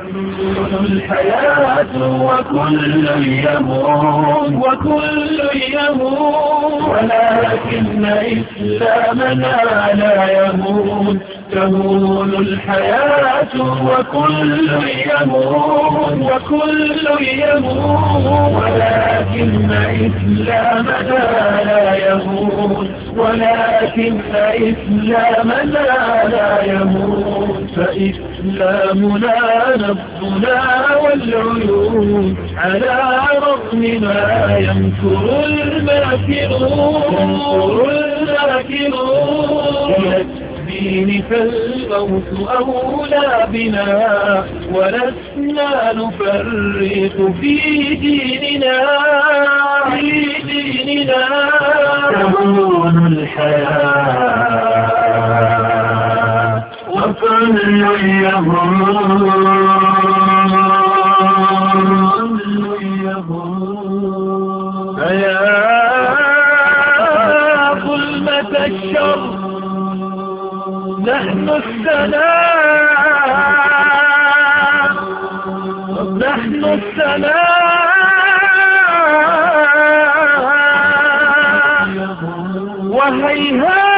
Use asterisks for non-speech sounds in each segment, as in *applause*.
الحياة وكل يموت وكل يموت ولكن إسلامنا لا يموت تهون الحياة وكل يموت وكل يموت ولكن إسلامنا لا يموت ولكن إسلامنا لا يموت فإسلامنا نبضنا والعيون على رغم ما ينكر الماكرون الماكرون الدين فالموت أولى بنا ولسنا نفرق في ديننا في ديننا تهون الحياة وكل يهون فيا ظلمة الشر نحن السلام نحن السلام وهيهات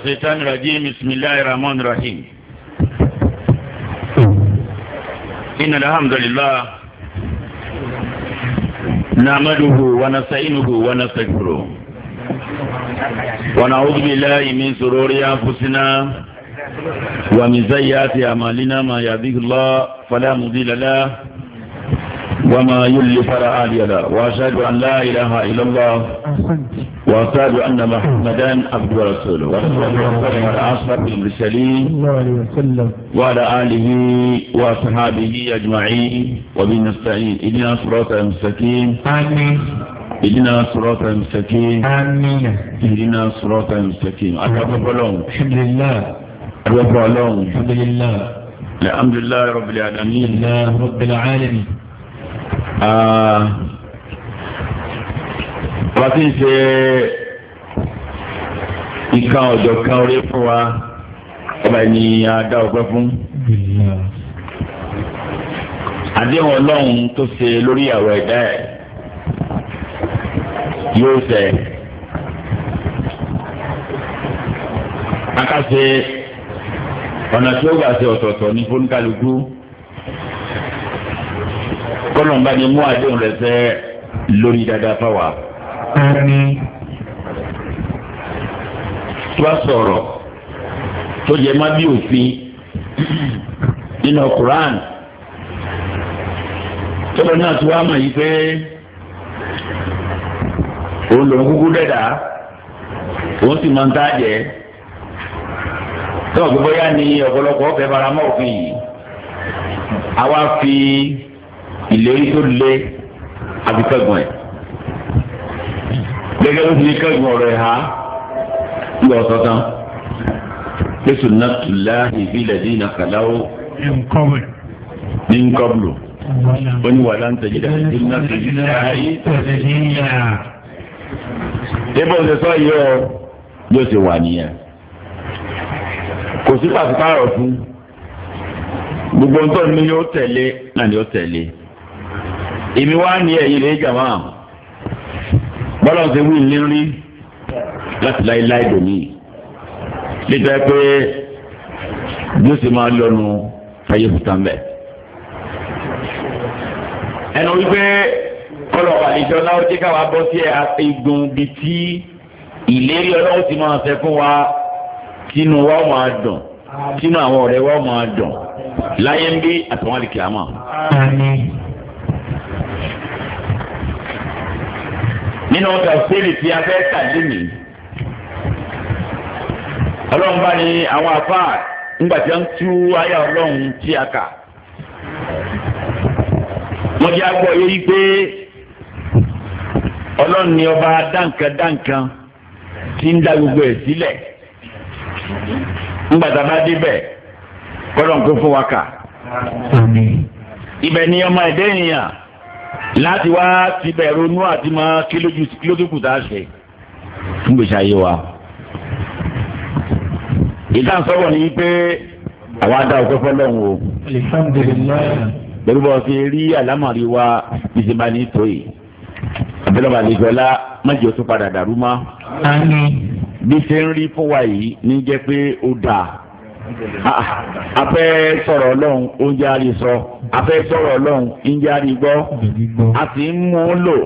الشيطان الرجيم بسم الله الرحمن الرحيم إن الحمد لله نعمده ونستعينه ونستغفره ونعوذ بالله من سرور أنفسنا ومن سيئات أعمالنا ما يهديه الله فلا مضل له وما يلي فلا آلي لا وأشهد أن لا إله إلا الله وأشهد أن محمدا عبد ورسوله واشهد ان وعلى أصحاب المرسلين وعلى آله وأصحابه أجمعين وبنا استعين إدنا صراط المستقيم آمين إدنا صراط المستقيم آمين إدنا صراط المستقيم أتوب بلون الحمد لله أتوب بلون الحمد لله الحمد لله رب العالمين الله رب العالمين ọba ah, tí ń ṣe ìkan ọ̀jọ̀ kan orí fún wa ọba ẹni adá ọpẹ́ fún. àdéhùn ọlọ́run tó ṣe lórí àwọn ẹ̀dá ẹ̀ yóò ṣẹ. akáṣe ọ̀nà tí ó gbà ṣe ọ̀tọ̀ọ̀tọ̀ ní fónúkálukú kọlọmba ni mú àdéhùn rẹ̀ ṣẹ lórí dáadáa fáwa. àmín. tó bá sọ̀rọ̀ tó jẹ má bí òfin nínú Quran tọ́lọ́ náà tó wá mọ̀ yìí pé òun lòún kúkú dẹ̀dá òun sì máa ń tá jẹ́ tó ni ọ̀pọ̀lọpọ̀ ọ̀fẹ́ faramọ́ òfin yìí àwa fi ìlérí tó lé àfikẹ́gùn ẹ̀ gẹ́gẹ́ bó ti lè ọ̀rọ̀ ẹ̀ ha yọ ọ̀sọ̀ tán jésù nàtúlá ìbílẹ̀ dín iná kàláwó ní nkọ́bùlù ó ní wàhálà ń tẹ̀lé dáhùn ní nàtúlá ayé tẹ̀lé níyà. débò ṣe sọ yìí ọ yóò ṣe wà nìyẹn kò sí pàṣípààrọ̀ fún gbogbo ntọ́ni yóò tẹ̀lé náà ni yóò tẹ̀lé èmi wá ní ẹ̀yìn lè jàmá bọ́lá ń ṣe wí nírí láti láéláé dòní níta pé bí ó sì máa lọ́nu fàyè fúta mbẹ́. ẹnu wípé kọlọ àlejò náà jẹ́ káwa bọ́ sí igun bíi tí ìlérí ọlọ́run ti máa fẹ́ fún wa tínú wa máa dùn tínú àwọn ọ̀rẹ́ wa máa dùn láyé ń bí àtàwọn àlìkè àmọ́. nínú tafsiri tí a fẹ́ tàlé mi ọlọ́run bá ní àwọn afa ńgbà tí wọ́n tú ayé ọlọ́run tí a kà wọ́n jẹ́ agbọ́ yé wípé ọlọ́run ni ọba dáǹkandáǹkan tí ń dá gbogbo ẹ̀ sílẹ̀ ńgbà tá a bá débẹ̀ kọ́lọ́n kó fún wa kà ibẹ̀ ni ọmọ ẹ̀dẹ́ ènìyàn láti wá ti bẹ̀rù nú àti mọ kí lójúkù tá a ṣe fún gbèsè ayé wa. ìdáhùn sọ́wọ́ ni pé àwa dá ọpẹ́ fọlọ́run o. pẹ̀lú bọ́ ti rí àlámọ̀rí wa ìṣèbá ní tó yìí. àbẹ̀lọ́ba àlejòọ́lá májèlé tó padà dàrú mọ́. bí ṣe ń rí fún wa yìí ní jẹ́ pé ó dáa afẹ́ ah, sọ̀rọ̀ ọlọ́run oúnjẹ àárí sọ afẹ́ sọ̀rọ̀ ọlọ́run oúnjẹ àárí gbọ́ a sì ń mú un lò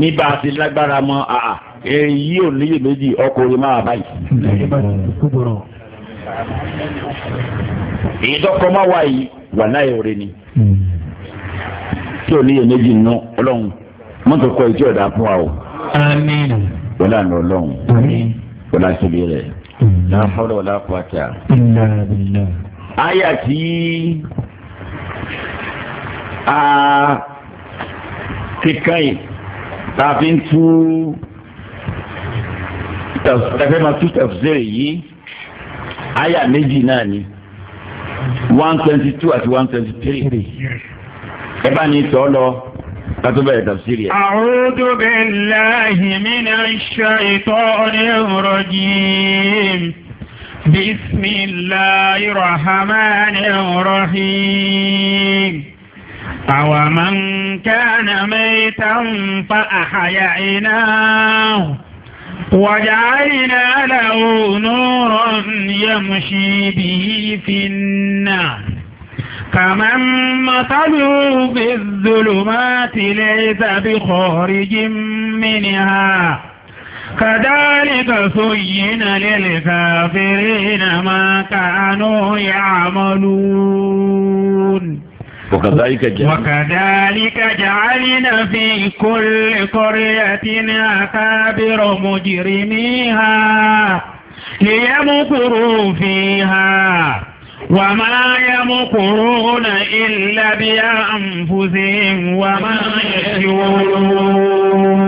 ní bá a ti lágbára mọ́ ah, èyí ò níyè méjì ọkùnrin máa báyìí. èyí tọkọ máa wà yìí wà láyé òre ni tí o níyè méjì nù ọlọ́run mọ́tò kọ́ ìjọ́ ìdá fún wa o. àmín. wọ́n lànà ọlọ́run wọ́n làṣẹ́ bí rẹ̀ la hawla wala quwwata illa billah. àyà tí a ti kàn yìí tá a fi ń tú tẹ̀fẹ́ máa tú tafsir yìí ni one twenty two àti one twenty three ẹ bá ní tọ́ lọ kátó bẹ̀rẹ̀ tafsiri ẹ̀. A'udhu billahi minash shaitonir rajim. Bismillahir rahmanir rahim. أومن كان ميتا فأحييناه وجعلنا له نورا يمشي به في الناس كمن مثله في الظلمات ليس بخارج منها كذلك سين للكافرين ما كانوا يعملون وكذلك جعلنا, وكذلك جعلنا في كل قرية أكابر مجرميها ليمكروا فيها وما يمكرون إلا بأنفسهم وما يشعرون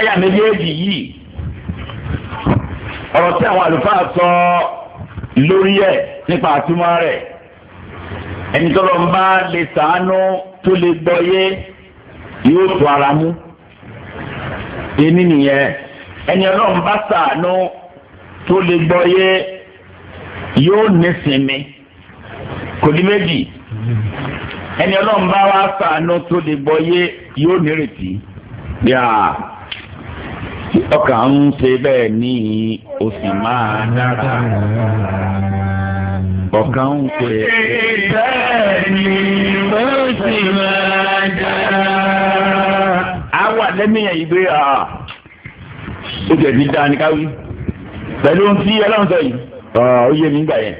Aya méjèèjì yìí ọ̀rọ̀ tí àwọn àlùfáà sọ ẹni tọ́lọ́ ń bá lè sàánú tó lè gbọ́yé yóò tó ara mú èmi nìyẹn ẹni ọlọ́run bá sàánú tó lè gbọ́yé. yóò nísinmi kò ní méjì ẹni ọlọ́run bá wá sànú tó lè gbọ́ yé yóò nírètí bí a ọkà ń ṣe bẹ́ẹ̀ ní o sì máa dára ọkà ń ṣe bẹ́ẹ̀ ní o sì máa a wà lẹ́mìyàn yìí pé ó jẹ̀bi ní káwí pẹ̀lú ohun tí ọlọ́run sọ yìí. Ah, ó yé mi gbà yẹn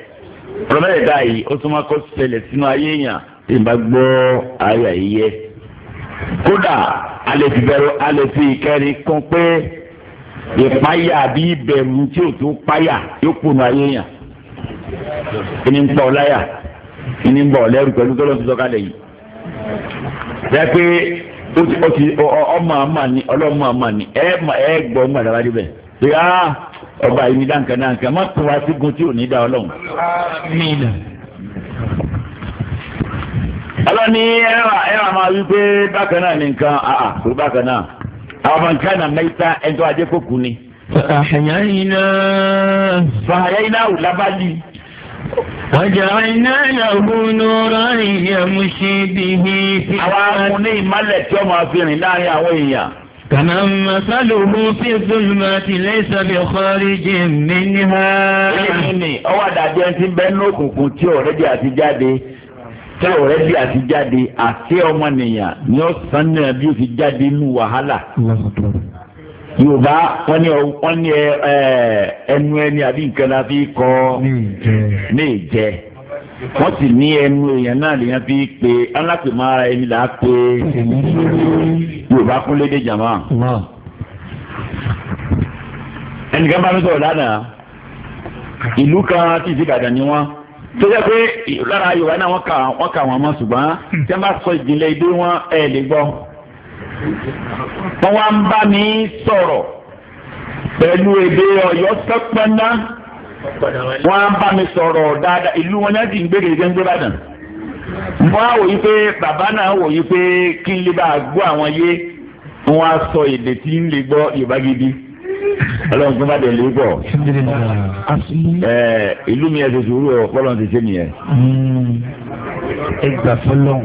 ọ̀rọ̀ mẹ́tẹ̀ẹ̀ta yìí ó tún máa kọ́ ṣẹlẹ̀ sínú ayé èèyàn tí n bá gbọ́ ayé àyíyẹ. kódà alẹ́ ti bẹ̀rù alẹ́ ti kẹrin kún pé ìpáyà àbí ìbẹ̀rù tí ò tó páyà yóò kùnà ayé èèyàn. ẹni ń pa ọ láyà ẹni ń bọ̀ lẹ́rù pẹ̀lú tó lọ́n ti sọ́kalẹ̀ yìí. bẹ́ẹ̀ pé ọmọ àmà ni ọlọ́mọ àmà ni ẹ gbọ́ ọmọ àdàbàdì bẹ́ẹ̀ ọba yìí ní dáǹkà dáǹkà má tó wá sígun tí ò ní dá ọlọ́run. àmín. ọlọ́ni ẹ̀rọ ẹ̀rọ máa wí pé bákan náà ní nǹkan àà tó bákan náà àwọn ọmọ nǹkan náà mẹ́ta ẹ̀ńtọ́ ajé kò kú ni. fàhàyàyìnà. fàhàyàyìnà ò lábàlì. وجعلنا له نورا يمشي به في الناس. àwọn amúní ìmálẹ̀ tí wọ́n máa fi rìn كمن مثله في الظلمات ليس بخارج منها. ọwọ́ àdàbí ẹni tí ń bẹ ní òkùnkùn tí ọ̀rẹ́ bí àti jáde tí ọ̀rẹ́ bí àti jáde àti ọmọnìyàn ni ó sàn náà bí ó ti jáde ní wàhálà. yorùbá wọn ní ẹnu ẹni àbí nǹkan la fi kọ́ ní ìjẹ wọ́n sì ní ẹnu èèyàn náà lèèyàn fi pe alápèmọ́ ara ẹni là á pe yorùbá kúnlé dé jàmá. ẹnìkan bá mi sọ̀rọ̀ lánàá ìlú kan tí ìsìkàdà ni wọ́n tó yẹ pé lára yorùbá náà wọ́n kà wọ́n kà wọ́n mọ́ ṣùgbọ́n tí wọ́n bá sọ ìjìnlẹ̀ èdè wọn ẹ̀ lè gbọ́. wọ́n wá ń bá mi sọ̀rọ̀ pẹ̀lú èdè ọ̀yọ́ sẹ́pẹ́ńdá wọ́n á bá mi sọ̀rọ̀ dáadáa ìlú wọn náà ti ń gbèrè gẹ́gẹ́ bàdàn wọ́n á wòye pé bàbá náà wòye pé kí n lè bá gbọ́ àwọn yé wọ́n á sọ èdè tí ń lè gbọ́ Yorùbá gidi ọlọ́run tó bá dẹ̀ lè gbọ́ ìlú mi ẹ̀sẹ̀ sùúrù ọ̀ fọlọ́n ti ṣe nìyẹn. ẹ gbà fọlọ́n.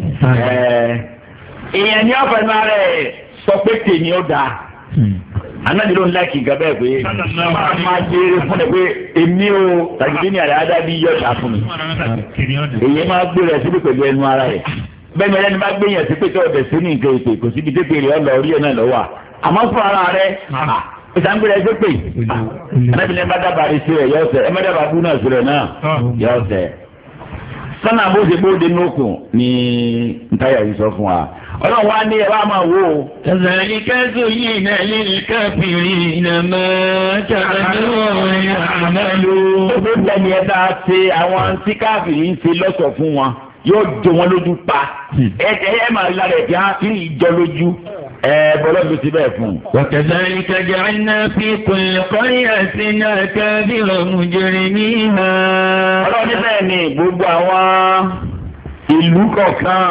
èèyàn ní ọ̀fẹ́ náà rẹ̀ sọ pé tèmi ó dáa. Hmm anabi ló ń láìkì nǹkan bẹ́ẹ̀ pé máa jèrè fún ẹ pé èmi ò tàbí ní àrẹ adábí yọ̀ọ̀ta fún mi èyí máa gbé rẹ̀ síbi pẹ̀lú ẹnu ara rẹ̀ bẹ́ẹ̀ ni ẹni bá gbé yẹn sí pé tó ọbẹ̀ sí ní nǹkan ètò kò síbi dépè rẹ̀ ọ̀lọ́ orí ẹ̀ náà lọ́wọ́ àmọ́ fún ara rẹ̀ ìsàngbé rẹ̀ ṣe pé anabi ní ẹ má dábàá rẹ̀ sí rẹ̀ yọ̀ọ̀sẹ̀ ẹ má dábàá bú náà sí rẹ̀ náà yọ̀ọ̀sẹ̀ sọ́nà bó ṣe bó de nókun ni ntáyà yìí sọ fún wa. ọlọ́run wa ní ẹ wá máa wò ó. kàzàlí kájú yìí náà lè ní káfíìrì ìnàmọ́ tààdúró ìhàmọ́lú. ó fi bẹ́ẹ̀ ni ẹ dáa ṣe àwọn tí káfíìrì ń ṣe lọ́sọ̀ fún wọn yóò jọ wọn lójú pa hmm. ẹ ẹ máa rí lára ẹ bí wọn kiri ìjọ lójú ẹ bọlọ ló ti bẹ́ẹ̀ fún. wàkàtàlì kàjà iná fi kùnlẹ̀ kọ́rí àti náà kábí ọ̀hún jẹrẹ níhà. ọlọ́ọ̀ni bẹ́ẹ̀ ni gbogbo àwọn ìlú kọ̀ọ̀kan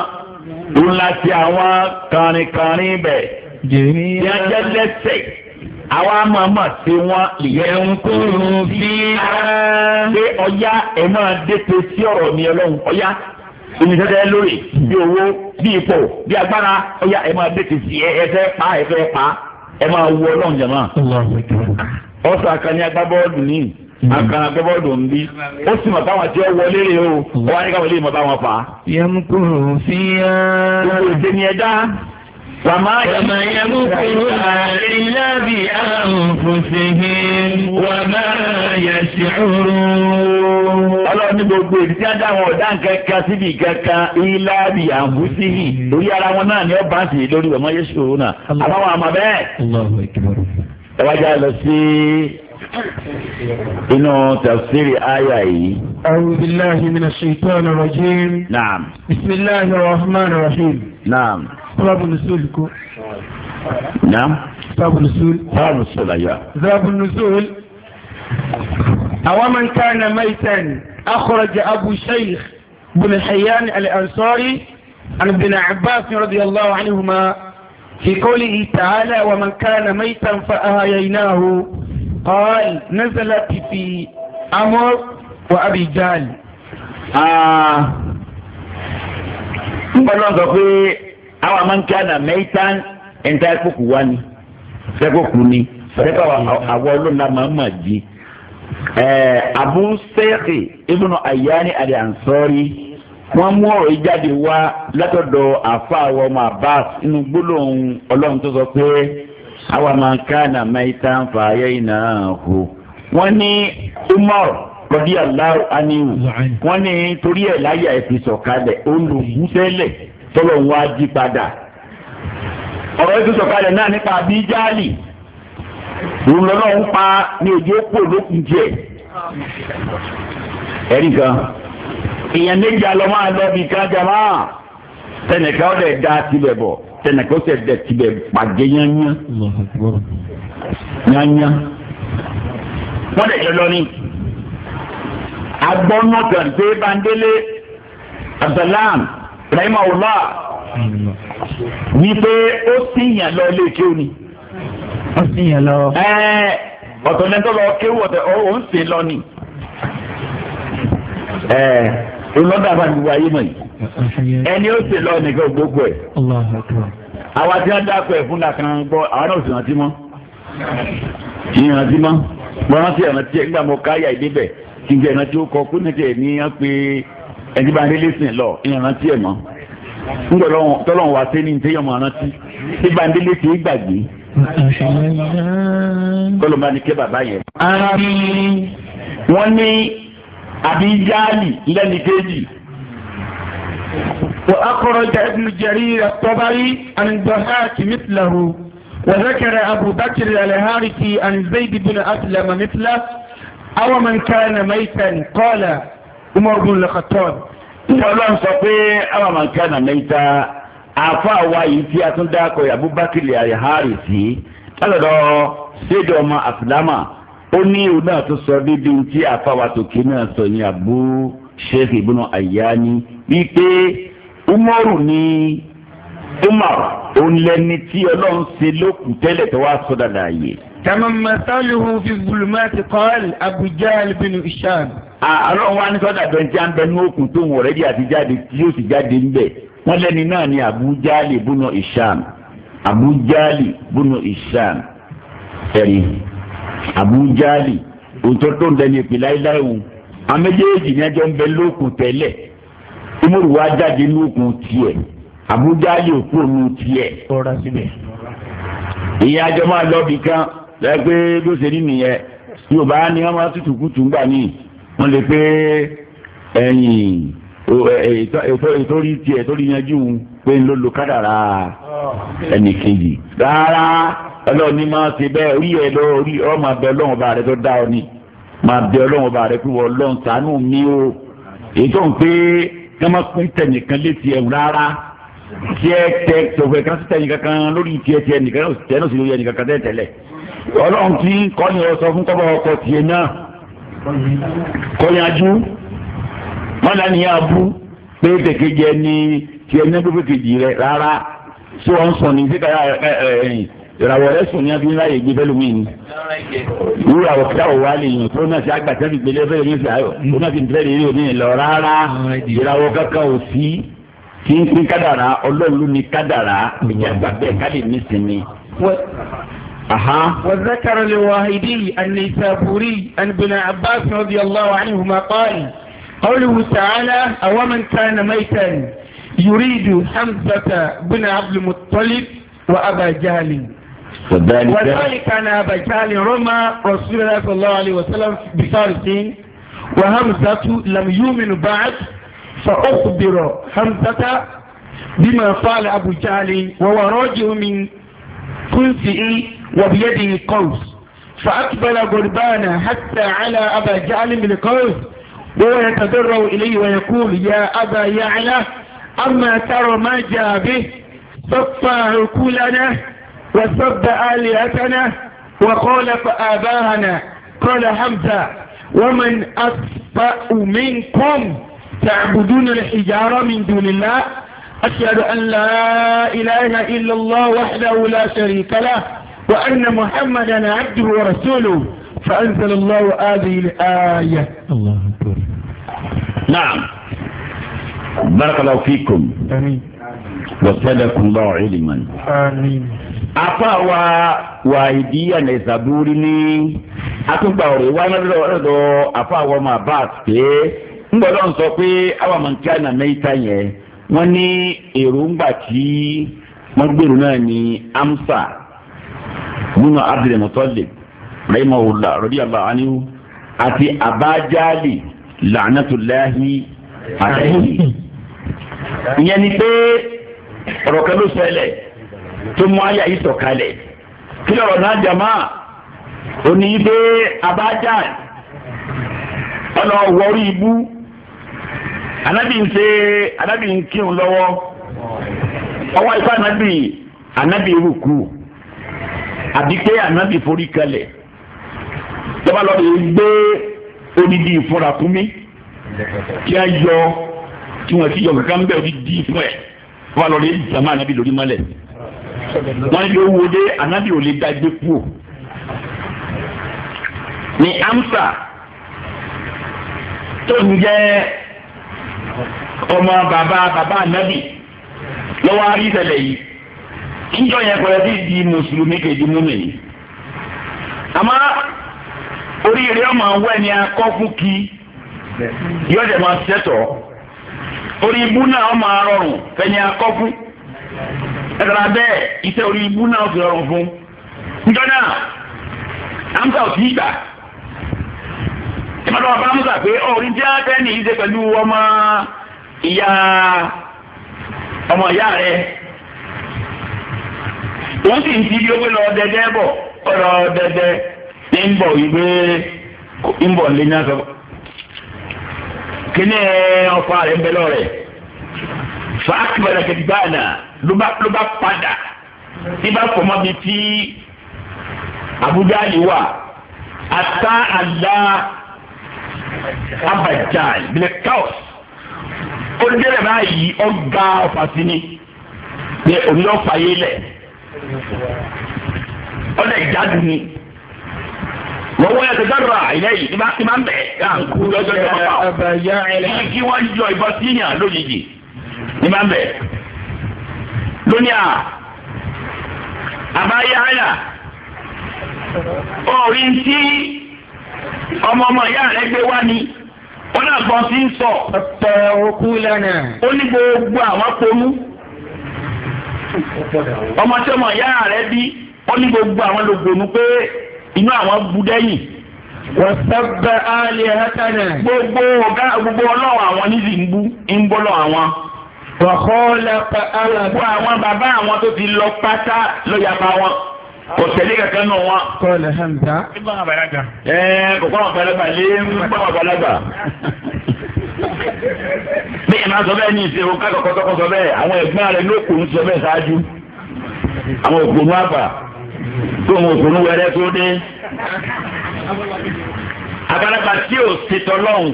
ńlá ti àwọn kànrìnkànrìn bẹ̀ tí a jẹ́ lẹ́sẹ̀ àwa máa ma ṣe wọn ń kúrò bí i. ṣé ọya ẹ máa dé pe sí ọ̀rọ̀ mi ọlọ́run ọya omi tẹ́tẹ́ lórí bí owó bí ipò bí agbára ọ̀yà ẹ̀ máa bẹ́ẹ̀ ti fi ẹ̀ fẹ́ pa ẹ̀ fẹ́ pa ẹ̀ máa wọ ọlọ́run jàmá. ọ̀sán akanni agbábọ́ọ̀lù ní akana agbábọ́ọ̀lù ń bí ó sì mọ̀ táwọn tí ó wọlé rè o wọ́n á ní fà á. yẹn kò fi hàn. gbogbo ìdè ni وما يمكرون إلا بأنفسهم وما يشعرون ọlọ́run ní gbogbo èdè tí a dá wọn ọ̀dá nǹkankan síbi nǹkankan ìlàbí àǹbùsíhì lórí ara wọn náà ni ó bá sí lórí ọmọ yéṣu náà àbáwọn àmọ́ bẹ́ẹ̀. ẹ wájà lọ sí inú tafsiri aya أعوذ بالله من الشيطان الرجيم. نعم. بسم الله الرحمن الرحيم. نعم. باب النزول نعم. باب النزول باب النزول أيوه. سبب النزول أومن كان ميتا أخرج أبو شيخ بن حيان الأنصاري عن ابن عباس رضي الله عنهما في قوله تعالى ومن كان ميتا فأهيناه قال نزلت في عمر وأبي جهل nbọlọ sọ pé àwọn amánkẹ́ àná mẹ́tàn ẹ̀ńtà ẹ̀kọ́kù wá ni ẹ̀kọ́kù ni ẹ̀kọ́ àwọn ọlọ́la máa ma jí Abu Sẹ́ẹ̀kì ibùnú àyáni àdè ànsọ́rí wọ́n mú ọ̀rọ̀ yìí jáde wá látọ̀dọ̀ àfa àwọn ọmọ Abbas inú gbólóhùn ọlọ́run tó sọ pé àwa máa ká nà mẹ́ta wani ayé iná hù. wọ́n ní umar rọ̀bí aláwọ̀ aníwù wọ́n ní torí ẹ̀ láyà ẹ̀fì sọ̀kalẹ̀ olùgúsẹ́lẹ̀ tọ́lọ̀ ń wá jí padà. ọ̀rọ̀ ẹ̀fì sọ̀kalẹ̀ náà nípa bíjálì ìrùlọ́lọ́ ń pa ní ojú òpó olókùn jẹ́ ẹ̀rí kan èèyàn méjì alọ́ máa lọ bí kájà máa tẹnìkan ọ̀dẹ̀ dá tilẹ̀ tẹnẹkẹ ó tẹ dẹ tibẹ gbàgé yányán yányán wọn dẹ yọ lọrin agbọnọ gàdé bandele abdullam rahima ọlá wípé ó sìyàn lọ lé kéwù ni. ó sìyàn lọ. ẹẹ ọ̀tọ̀ ní ẹjọ́ lọ kéwù ọ̀tọ̀ ó ń sè lọ ni. ẹ olódàbà ni wàá yé mọ̀ yìí ẹni ó sì lọ nìkan gbogbo ẹ̀ àwa tí wọ́n dákọ̀ ẹ̀ fún làkàn gbọ́ àwọn náà sì rántí mọ́ ìrántí mọ́ mo rántí ìrántí ẹ̀ nígbà mo káyà ìdíbẹ̀ kí n jẹ́ ìrántí ó kọ kó ní tẹ̀ ní wọ́n pe ẹni bá nílé sìn lọ ìrántí ẹ̀ mọ́ nígbà tọ́lọ́run wá sí ní ìtẹ́yọ̀mọ́ ìrántí ìgbà nílé kì í gbàgbé kọlọmọ ni ké bàbá yẹn. wọ́n ní àbíjáàlì lẹ́nu kejì. وأخرج ابن جرير الطبري عن الضحاك مثله وذكر أبو بكر الهارثي عن زيد بن أسلم مثله أو من كان ميتا قال عمر بن الخطاب Ọlọ́run sọ pé àwọn mọ̀nkánà mẹ́ta àfa wa yìí tí a tún dákọ̀ yà Abubakar alihari sí lọ́dọ̀ ṣéjọ́ ọmọ àfìlámà ó ní òun náà tún sọ bíbí tí àfa wa tòkí náà sọ ní Abu Sheikh ibùnà àyáni wípé umaru ni umar ònlẹ́ni tí ọlọ́run ṣe lókù tẹ́lẹ̀ tó wá sọ́dà láàyè. tamam masaluhu fi zulumati qal Abu Jahl bin Hisham. ọlọ́run wa ní sọ́dà bẹ́ẹ̀ tí a ń bẹ ní òkun tó ń wọ̀rẹ́ di àti jáde tí yóò sì jáde ń bẹ̀ wọ́n lẹ́ni náà ni Abu Jahl bunu Hisham Abu Jahl bunu Hisham ẹ̀rí Abu Jahl òtún tó ń dẹni ìpìlẹ̀ láìláìwù àwọn méjèèjì ni ẹjọ́ ń bẹ lókun tẹ́lẹ̀ umaru wa jáde lóògùn tiẹ̀ abuja yóò kú òun tiẹ̀. ọ̀rọ̀ síbẹ̀. ìyẹn àjọ máa lọ bì kan lẹ́gbẹ́ bó ṣe ní nìyẹn yorùbá ni wọ́n máa tutù kùtù ń gbà ní wọ́n lè pé ẹ̀yìn ìtòrí tiẹ̀ ìtòrí yanjú pé ń ló lo kádàrá ẹnìkejì rárá ọlọ́ọ̀ni máa ṣe bẹ́ẹ̀ orí ẹ̀ lọ orí ọmọ abẹ ọlọ́run ọba rẹ tó dá ọ ni máa bẹ ọlọ́run ọba rẹ pé wọ́n lọ́n ṣàánú mi o èyí tó ń pé kí wọ́n pín tẹ̀nìkan létí ẹ̀ rárá tí ẹ tẹ tòfẹ́ kan sí tẹ̀yìn kankan lórí tiẹ̀ tiẹ̀ nìkan tẹ̀ náà sì lórí ẹnìkan kan tẹ̀lẹ̀ ọlọ́run tí kọ́ni ọ̀sọ́ fún kọ́bọ̀ ọkọ̀ tiẹ̀ náà kọ́yanjú wọ́n lẹ́nu yà bú pé tẹ̀kẹ́jẹ ni tiẹ̀ ní gbogbo kejì rẹ̀ rárá tí wọ́n ń sọ ní sí ìràwọ̀ rẹ̀ sùn ní a fi ń ráyè gbé bẹ́lú mi ni. irú àwọ̀ kí àwọ̀ wa lè yàn tó náà ti àgbàtà fi gbélé fẹ́rẹ̀ mi fi àyọ̀ tó náà ti ń fẹ́rẹ̀ eré omi lọ rárá ìràwọ̀ kankan ò sí kí n pín kádàrá ọlọ́run ní kádàrá ìjàgbá bẹ́ẹ̀ ká lè ní sinmi. وذكر الواهدي النيسابوري عن ابن عباس رضي الله عنهما قال قوله تعالى أومن كان ميتا يريد حمزة بن عبد المطلب وأبا جهل وذلك وذلك أن أبا جهل رمى رسول الله صلى الله عليه وسلم بفارس وهمزة لم يؤمن بعد فأخبر همزة بما قال أبو جهل وهو راجع من كنسه وبيده قوس فأقبل غربانا حتى على أبا جهل قوس وهو يتضرع إليه ويقول يا أبا يعلى أما ترى ما جاء به صفى عقولنا وسب آلهتنا وخالف آباءنا قال حمزة ومن أسبأ منكم تعبدون الحجارة من دون الله أشهد أن لا إله إلا الله وحده لا شريك له وأن محمدا عبده ورسوله فأنزل الله هذه الآية الله أكبر نعم بارك الله فيكم آمين وسلك الله علما آمين afa wa wàhídíyà nẹ̀sàbúrí ní atúgbà ọ̀rẹ́ wáyé lọ́dọ̀ afa wa ọmọ abbas pé ńgbọ́dọ̀ ń sọ pé àwọn mọ̀nkíá nà mẹ́ta yẹn wọ́n ní èròǹgbà tí wọ́n gbèrò náà ní amsa nínú abdul mutallib rahimahullah radiyallahu anhu àti abajali la'natullahi alayhi ìyẹn *laughs* ni pé ọ̀rọ̀ kan ló ṣẹlẹ̀. tó mú àyà yìí sọ̀kalẹ̀ kí lọ́rọ̀ náà jàmá òní dé abájá ọ̀nà wọ́rí ibú anabi ń ṣe anabi ń kírun lọ́wọ́ ọwọ́ ifá anabi anabi rúkú àbí pé anabi forí kalẹ̀ lọ́ba lọ́ba yìí gbé odidi ìfúnra fún mi kí a yọ kí wọ́n ti yọ kankan bẹ́ẹ̀ odidi fún ẹ̀ lọ́ba lọ́ba yìí jàmá anabi lórí malẹ̀. wọ́n lé owó anabi ò lè dágbé ní amsa tó ń jẹ́ ọmọ bàbá bàbá anabi lọ́wọ́ arí ìṣẹ̀lẹ̀ yìí níjọ́ yẹn kọ̀ ẹ́ sì di mùsùlùmí kejì múmi ni àmọ́ oríire ọmọ àwọn ẹni akọ́ fún kí yóò dẹ̀ máa ṣẹ́tọ̀ orí ibú náà ọmọ arọrùn ẹ̀sọ̀rọ̀ abẹ́ iṣẹ́ orí ibú náà fi rọrùn fún. njọ́ náà amúsà ò tíì gbà ìmọ̀tò bàbá amúsà pé orin jẹ́ a tẹ́ ìṣe pẹ̀lú ọmọ ìyá ọmọ ìyá rẹ̀ wọ́n sì ń ti di owó lọ dẹ́dẹ́ bọ̀ ọ̀rọ̀ dẹ́dẹ́ ní ń bọ̀ ìgbé ń bọ̀ lé ní ọ̀fà rẹ̀ ń bẹ lọ́rẹ̀. fa akibara gẹdibana ló bá ló bá padà tí bá fọmọ bi tí abudulayi wa ata ala abajan bile kaos ó délẹ̀ báyìí ọgbà ọ̀fàsíní ní omi ọ̀fà yé lẹ̀ ọ̀dà ìjádùn ni wọ́n wọ́n yàtọ̀ dára ilé yìí ní bá ń bẹ̀ ká ń kú lọ́jọ́ kí wọ́n yọ ìbọn síyàn lójijì. ní bá ń a à àbáyé àyà orí tí ọmọ ọmọ ìyá rẹ gbé wá ni wọn náà gbọ́n sí ń sọ. ọ̀pọ̀ òkú lẹ́nà. ó ní gbogbo àwọn ponú. ọmọ tí ọmọ ìyá rẹ bí ó ní gbogbo àwọn lògbònú pé inú àwọn bu dẹ́yìn wọ́sẹ̀bẹ̀ alẹ́ gbogbo ọ̀gá gbogbo ọlọ́wọ́ àwọn ń bú wàhálà pa àwọn. gbogbo àwọn bàbá àwọn tó ti lọ pátá ló yapa wọn kò tẹ̀lé kankan nù wọn. kọ́lẹ̀ hàmdá. nígbà wọn balaga. ẹẹ kò kọ́ wọn balaga lé nígbà wọn balaga. bí ìmọ̀ sọ bẹ́ẹ̀ ní ìṣèwò kákọ̀kọ́ tọkọ sọ bẹ́ẹ̀ àwọn ẹ̀gbọ́n rẹ̀ ní òkùnrin sọ bẹ́ẹ̀ ṣáájú. àwọn òkùnrin àgbà tó àwọn òkùnrin wẹrẹ tó dé. àgbàlagbà tí ò ṣètọ́ lọ́hùn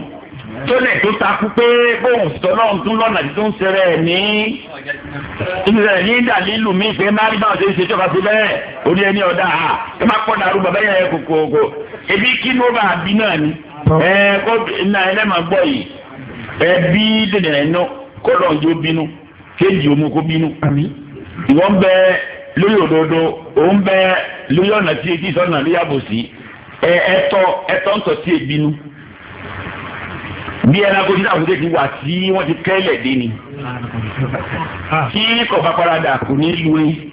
tólẹ̀ tó takú pé bóun sọlọ́run tún lọ́nà tó ń sẹrẹ̀ ní ìṣẹ̀lẹ̀ ní ìdàlílù mí pé má rí bá ọ̀sẹ̀ ṣe ìjọba sí bẹ́ẹ̀ orí ẹni ọ̀dà à ẹ má pọ̀ dàrú bàbá yẹn kòkòkò ebi kí ló bá bí náà ni ẹ kó náà ẹ lẹ́màá gbọ́ yìí ẹ bí dèdè rẹ̀ nú kó lọ́n jó bínú kéèjì omi kó bínú ìwọ ń bẹ lórí òdodo òun bẹ lórí ọ̀nà tí etí sọ̀nà lóyàbòsí ẹ ẹtọ ẹtọ ń tọ́ sí ìbínú bí ẹranko tí dàbò tètè wà tí wọ́n ti kẹ́lẹ̀ dé ni tí kò bá parada kò ní lu e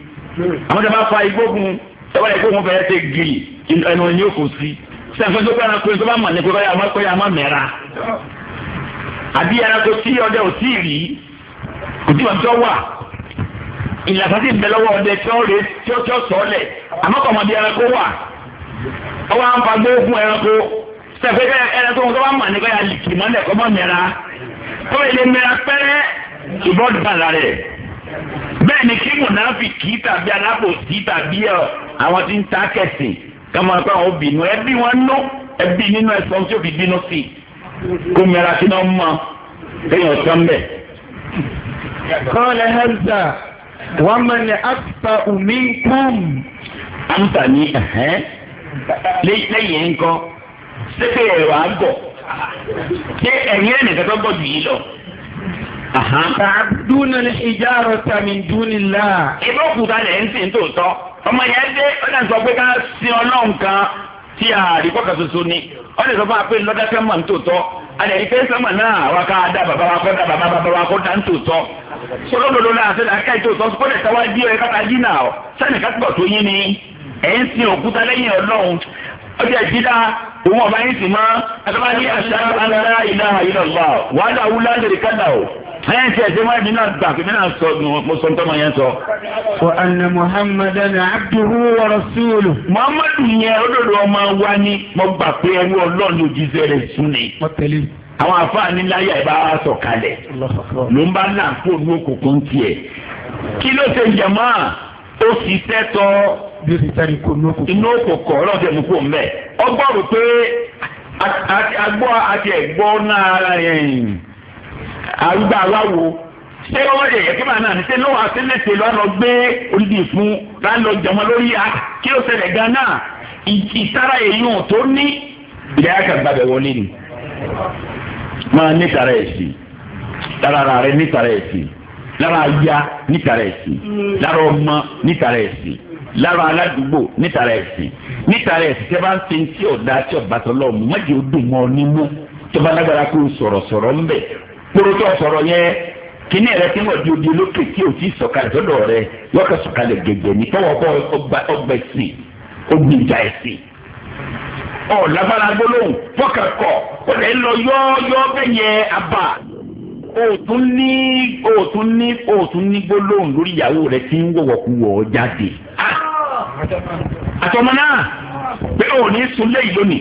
àwọn tí a bá fa igbógun ẹwà igbógun fẹ́ẹ́ tẹ gírì ẹnu ẹni yóò kò sí sẹ́fún tó gbára pé tó bá mọ̀ ní pé kọ́ya kọ́ya má mẹ́ra àbí ẹranko tí ọdẹ ò tí ì rí kò tí wọn tó wà ìlànà tí ń bẹ lọ́wọ́ ọdẹ tí ó rè tí ó tí ó sọ̀ọ́lẹ̀ àmọ́ kọ̀ọ̀mọ́ bí ẹranko wà ọwọ́ à ń fa gbóògùn ẹranko tẹ̀fẹ́ ká ẹ̀rẹ́ tó ń sọ́wọ́ mà ní káyà lìkì mọ́lẹ̀ kọ́ mọ́ mẹ́ra tó lè mẹ́ra pẹ́rẹ́ ìbọ́dù bá lára rẹ̀ bẹ́ẹ̀ ni kí mùnáfìkì tàbí alábòsí tàbí àwọn tí ń ta kẹ̀sìn kàmọ́ ẹ̀kọ́ àwọn obìnrin ẹbí wọn nú ẹbí nínú ẹ̀sán tí ó fi bínú sí kó mẹ́ra kí náà mọ́ kéèyàn sán bẹ́ẹ̀. kọ́lẹ̀ hẹ́zà wọ́n mọ̀ ní àtúntà òmìnkùn. àǹtà ní lẹ́yìn nǹkan sépè ẹ̀rọ à ń bọ̀ ṣé ẹ̀yìn ẹ̀ nìkan tó ń bọ̀ jù yìí lọ. Dúnà ní ìjárò tàmí dúnì là. Ìbá òkúta lẹ̀ ń sìn tòótọ́. Ọmọ yẹn dé ó dà sọ pé ká sin ọlọ́run kan tí àríkọ́ kan ṣoṣo ni. Ó lè sọ fún wa pé lọ́dákẹ́ mọ̀ ń tòótọ́ alẹ́ ife sọ́mọ̀ náà wà ká da bàbá wa kọ́ dá bàbá bàbá wa kọ́ da ń tòótọ́ sọlọ́dọ̀dọ̀ náà sẹ́ni aká ìtòótọ́ sọ́dẹ̀ tàwa di ọ̀yẹ́ káta jí náà sẹ́ni ká tọ̀ ọjà ìjìdá òun ọba yín sì mọ́ àtàwọn ní àṣà alára ìlànà ìlọ́gbà wàhálà wúlá lèrè kádà o. ẹ̀yìn tí ẹ̀sìn wáyé mi náà gbà kí mi náà sọ mo sọ nítorí yẹn sọ. wa anna muhammadan abduhu wa rasuluhu. muhammadu yẹn olódò ọmọ wa ni mo gbà pé ẹni ọlọ́run òjíṣẹ́ rẹ̀ sún ni. àwọn afáàní láyà ẹ̀ bá a sọ̀ kalẹ̀ ló ń bá náà kó òkùnkùn tiẹ̀ kí ló ṣe jẹ̀mọ́ ó sì tẹ́tọ́ inú òkòkò ọlọ́dẹ mú mbẹ́ ọgbọ́rù pé agbọ́ àti ẹ̀gbọ́ náà arúgbó aláwo ṣé wọ́n lè yẹ kí màá náà ní lọ́wọ́ àtẹ́lẹsẹ̀ lọ́nà gbé orídìí fún lálọ́ jọmọ lórí kí ó ṣẹlẹ̀ gan náà ìtara èèyàn tó ní wọlé ni máa ní tara ẹ̀ sí tara rẹ̀ ní ẹ̀ sí. lára aya nítara ẹ̀sìn lára ọmọ nítara ẹ̀sìn lára aládùúgbò nítara ẹ̀sìn nítara ẹ̀sìn tẹ́ bá ń sin tí ọ̀dà tí ọ̀bàtọ̀ lọ mọ́jì ó dùn mọ́ nímú tó bá lágbára kó o sọ̀rọ̀ sọ̀rọ̀ ń bẹ̀ kórótó sọ̀rọ̀ yẹn kíní ẹ̀rẹ́ tí wọ́n di odi olókè tí o ti sọ̀kalẹ̀ tọ́dọ̀ rẹ wọ́n kà sọ̀kalẹ̀ gẹ̀gẹ̀ ní tọ́wọ́ bọ́ ọgbà ẹ̀sìn ogbìjà ẹ̀sìn ọ̀ lágbára gbólóhùn fọ́kà kọ̀ ó lè lọ yọ́ yọ́ bẹ́yẹ abá òtún ní òtún ní òtún ní gbólóhùn lórí ìyàwó rẹ tí ń wọ̀wọ̀kuwọ̀ jáde. Ah! àtọmọ náà pé ò ní sunlé yìí lónìí.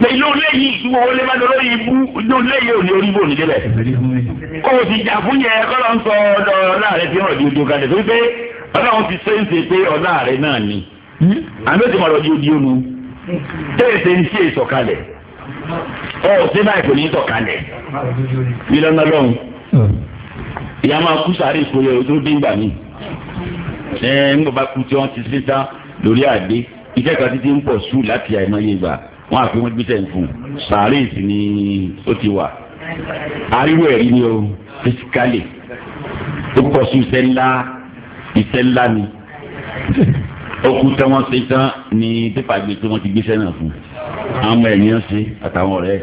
pé ilé olé yìí ìdúgbò olé bá dọ lórí ibú ilé olé yìí ò ní orí bò débẹ̀. kó o ti jà fún yẹn kọ́ ló ń sọ ọ̀dọ̀ ọ̀la rẹ ti rọ̀ di ojú ọ̀gá rẹ tó wípé ọlọ́run ti ṣe ń ṣe pé ọ̀la rẹ náà ni. àmì ó ti mọ̀ di odi olú. tẹ́lẹ̀ ṣe ń ọ ò sí báyìí kò ní í tọ̀kalẹ̀ ìlànà lọ́hùn ìyá máa kú sáré ìkórè ojú díngbà mi ẹ ń bọ̀ bá kú tí wọ́n ti sí tán lórí àdé iṣẹ́ kan títí ń pọ̀ sùn láti àìmọye ìgbà wọ́n àfi wọ́n gbé sẹ́yìn fún un sáré ìsìn ni ó ti wà ariwo ẹ̀rí ni o fisikali ó pọ̀ sí iṣẹ́ ńlá iṣẹ́ ńlá ni ó kú tán wọ́n ṣe tán ni pépà gbé tí wọ́n ti gbé sẹ́yìn fún àwọn ọmọ ẹ̀yìn ṣe àtàwọn ọ̀rẹ́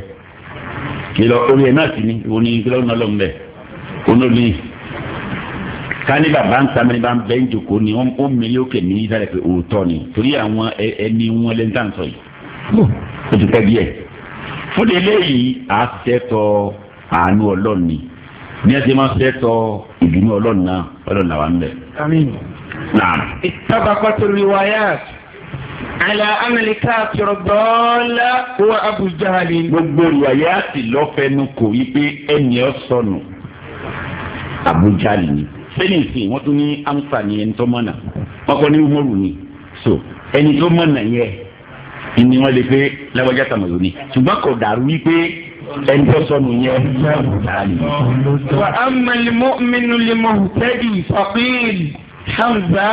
kìlọ̀ orí ẹ̀ náà sì ni òun ni kìlọ̀ náà lọ ń bẹ̀ onóòlì kání bàbá ń ta mẹ́rin bá ń bẹ́ ń jòkó ni wọ́n ó mẹ́lẹ́ òkè ní ìsàlẹ̀ pé òótọ́ ni torí àwọn ẹni wọn lè ń tà ń sọ yìí ó ti pẹ́ díẹ̀ fún eléyìí à á sẹ́tọ̀ àánú ọlọ́run ni ní ẹsẹ̀ máa sẹ́tọ̀ ìbínú ọlọ́run náà ọlọ́run làwọn ń bẹ̀. àmín. naam. ìtàbàkọ́ tó wáyà àlà amẹ́ríkà tọrọ bọ́ọ̀lá wọ Abu Jahali. gbogbo ìwàyà àti lọ́fẹ̀ẹ́nu kò yí pé ẹnì ọ sọnù Abu Jahali ni sẹ́yìn sí wọ́n tún ní amsa ní ẹni tó mọ̀nà wọ́n kọ́ ní umaru ni so ẹni tó mọ̀nà yẹ ni wọ́n lè pé lẹ́wọ́jà tàmọ̀lò ni ṣùgbọ́n kò dàrú yí ẹni tó sọnù yẹn Abu Jahali. wà á mẹ́lẹ́mọ́ mi nulẹ̀ mọ́ tẹ́lẹ̀ Hamza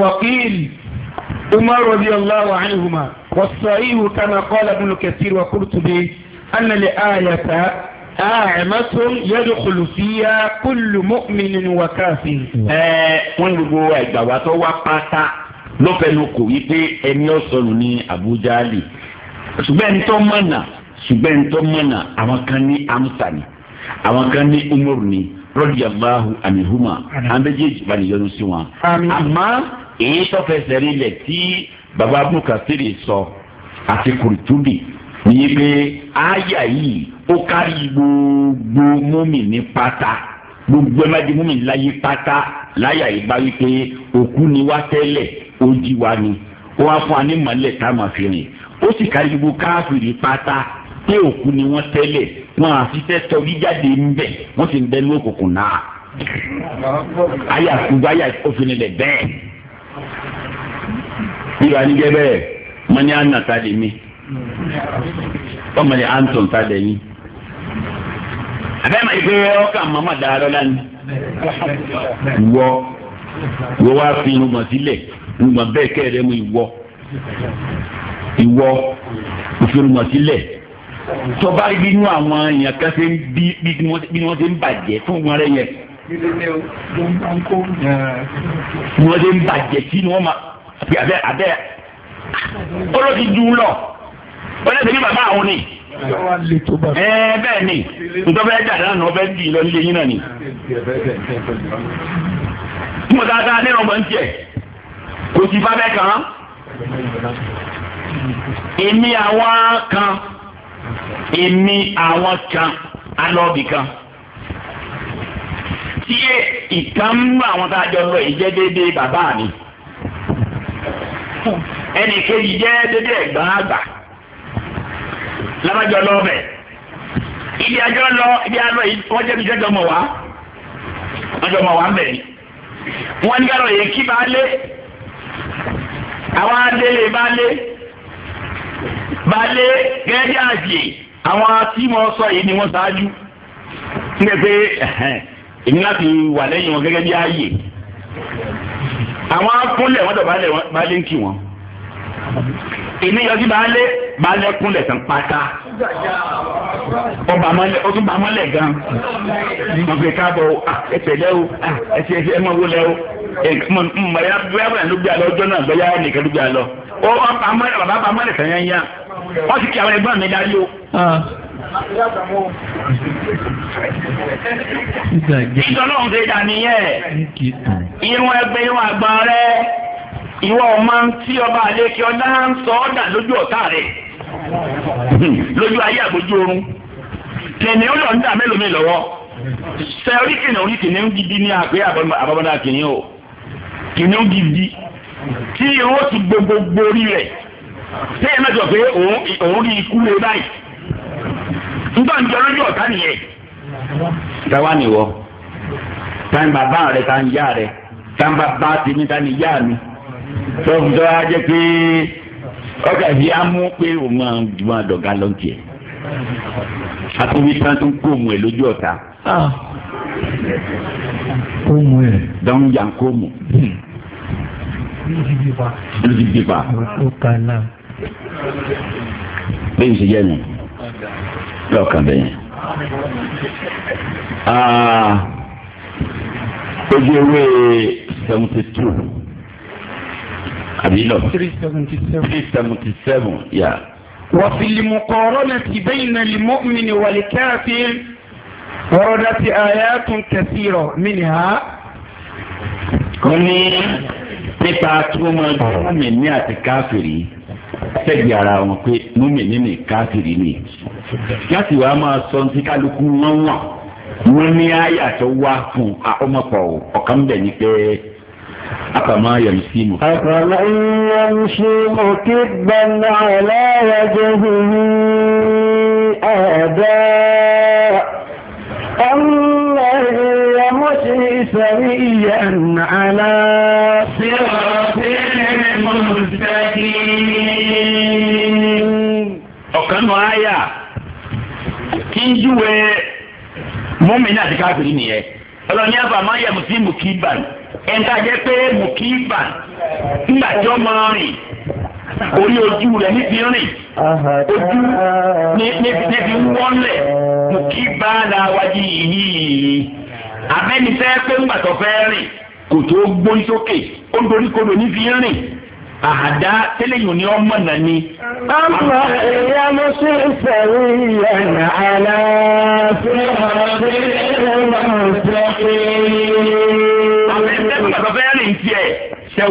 wàkìlì. Umar radiyallahu anhuma wasahihu kama qala Ibn Kathir wa Qurtubi anna al-ayata àmọ́tún yẹ́dùkùlù fìyà kúlù mọ́mìnì wà káfí. ẹ wọn ní gbogbo ìgbà wa tó wá pátá ló fẹnu kò yí pé ẹni ọ̀sọ̀rù ní Abuja lè ṣùgbọ́n ẹni tó mọ̀nà ṣùgbọ́n ẹni tó mọ̀nà àwọn kan ní amsa ni àwọn kan ní umaru ni rọ́dìyàmáhu àmì huma àwọn méjèèjì bá nìyọnu sí wọn. àmọ́ èyí tó fẹsẹ̀ rinlẹ̀ tí baba abdulkasiri sọ àti kùrìtúbì ní pé àyà yìí ó kárí gbogbo mùmínì pátá gbogbo ẹ má di mùmínì láyé pátá láyà yìí bá wípé òkú ni wá tẹ́lẹ̀ ó jí wa ni ó wá fún wa ní mọ̀lẹ́ tá a máa fi rìn ó sì kárí gbogbo káfíìrì pátá pé òkú ni wọ́n tẹ́lẹ̀ wọn àfi fẹ́ tọ́jú jáde ńbẹ̀ wọ́n sì ń bẹ́ ní òkùnkùn náà àyà gbogbo àyà òfin lẹ̀ bẹ́ẹ̀. irú anijẹ bẹ́ẹ̀ mọni anna ta lè mi anton ta lè yín àbẹ́mọ̀ ìgbé ọkà màmá dàrọ́ lánìí wọ wọ bi wọ́n ṣe ń bàjẹ́ fún wọn rẹ̀ ni wọ́n ti ń bàjẹ́ sí ni wọ́n ma àbí abẹ́ abẹ́ olóòtú dùn lọ wọ́n lẹ́sẹ̀ ní bàbá àwọn ni ẹ̀ẹ́ bẹ́ẹ̀ ni ntọ́fẹ́ dàda náà ọbẹ̀ bì lọ nílé yín náà ni. mo dáadáa ní ọmọ ń jẹ kò sí fábẹ́ kan èmi àwọn kan èmi àwọn kan alọ́bì kan tí ìkan ń bá àwọn tá a jọ lọ yìí jẹ́ déédéé bàbá mi ẹnì kejì jẹ́ déédéé ẹ̀gbọ́n àgbà lábàjọ lọ bẹ̀ ibi àjọ lọ ibi àlọ yìí wọ́n jẹ́ bí jẹ́jọ́ mọ̀ wá ọjọ́ mọ̀ wá ń ni wọ́n ní kárọ̀ yìí kí bá lé àwọn adélé bá lé bá lé gẹ́gẹ́ àjè àwọn tí mo sọ yìí ni wọ́n ṣáájú ń gbé pé èmi láti wà lẹ́yìn wọn gẹ́gẹ́ bí ààyè àwọn akúnlẹ̀ wọ́n dọ̀bálẹ̀ baálé ń kì wọ́n èmi yọjú baálé baálé kúnlẹ̀ tán pátá ọba mọ́lẹ̀ ó tún ba mọ́lẹ̀ gan wọ́n fi káàbọ̀ ẹsẹ̀ lẹ́ o ẹsẹ̀ ẹsẹ̀ ẹmọ wo lẹ́ o mọ̀lẹ́ bóyá bóyá ló gbé alọ́ ọjọ́ náà bóyá nìkan ló gbé alọ́ ó bàbá bàmọ́lẹ̀ tán yányá wọ́n ti kí àwọn ẹgbọ́n mi darí o. Ah. ìtọ́lọ́hún ṣe dà nìyẹn irun ẹgbẹ́ irun àgbà rẹ ìwọ ọmọ tí ọba àlékè ọlá ń sọ ọ́ dà lójú ọ̀tá lójú ayé àgbójú oorun kìnìún ó ń dà mélòó mi lọ́wọ́ sẹ́rí kìnìún ní kìnìún gidi ní àgbé àbábọ́dá kìnìún o kìnìún gidi tí ti gbogbo orí rẹ̀ pé nígbà ń jẹ lójú ọ̀tá nìyẹn. táwa ni wọ táwọn bàbá rẹ táwọn ìyá rẹ táwọn bàbá tèmi táwọn ìyá mi tó fi tọ́ ajẹ́ pé ọkà yìí á mú pé òun máa dọ̀gá lọ́ọ̀tì ẹ̀ àtúwí tán tó ń kó òun ẹ̀ lójú ọ̀tá. Ah. kóòmù ẹ̀. dáhùn yà ń kóòmù. lójú bíbá. lójú bíbá. lójú bíbá. bẹ́ẹ̀ ni ṣe jẹ́ nù lọ́ọ̀kan bẹ́yẹn. Ah, ojú ewé seventy two àbí lọ three seventy seven yà. وفي المقارنة بين المؤمن والكافر وردت آيات كثيرة منها wọ́n ní nípa tí wọ́n máa dùn múmi ní àti káfìrí sẹ́gbẹ̀ẹ́ ara wọn pé múmi ní ní káfìrí ni láti wàá máa sọ ní kálukú wọn wà wọn ní àyà tó wá fún ọmọkọ ọkàn bẹ ní pé akama yamsi mu. akama yamsi mu kibban ala wajhihi ada allah yamsi sariyan ala siratin mustaqim. ọ̀kanú àyà. ń júwe mọ́mìnì àti káfíìrì nìyẹn ọlọ́ni àbá máa yẹ mùsí mùkíbà ẹ̀ńtà jẹ́ pé mùkíbà nígbà tí ó máa rìn orí ojú rẹ̀ níbi rìn ojú níbi wọ́lẹ̀ mùkíbà làwájú yìí abẹ́ni fẹ́ pé ńgbà tó fẹ́ rìn kò tó gbóni sókè ó dorí kodò níbi rìn. àhàdá tẹ́lẹ̀yìn ni. àmọ́ ìyá mo ṣe ń sẹ̀rí ìyànà àlàáfíà ọ̀dẹ́ ìlànà ìjọpẹ́. àwọn ẹgbẹ́ tó bàbá fẹ́ rìn tiẹ̀ ń ń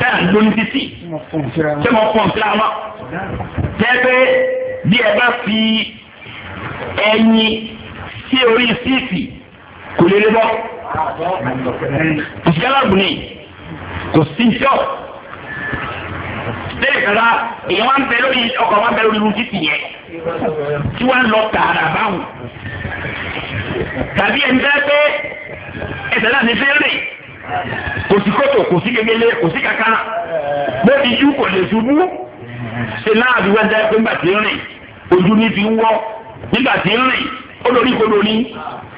tẹ́ à ń gbóni títì tẹ́ mọ pọ̀ nfẹ́ àwọn tẹ́ pé bí ẹ bá fi ẹyin sí orí síìtì kò lè lè bọ́ òṣìṣẹ́ aláàbò ni kò sí jọ́ lẹ́yìn kala èèyàn wá ń bẹ lórí ọkọ̀ wá ń bẹ lórí irun títì yẹn tí wọ́n lọ tààrà báwọn tàbí ẹni tẹ́ pé ẹsẹ̀ náà ní fẹ́ẹ́ rè kò sí kótó kò sí gegele kò sí kakana bó ti yú kò lè ṣubú ṣe náà àbí wọ́n jẹ́ pé nígbà tí ń rìn ojú ní fi ń wọ́ nígbà tí ń rìn olórí kò lórí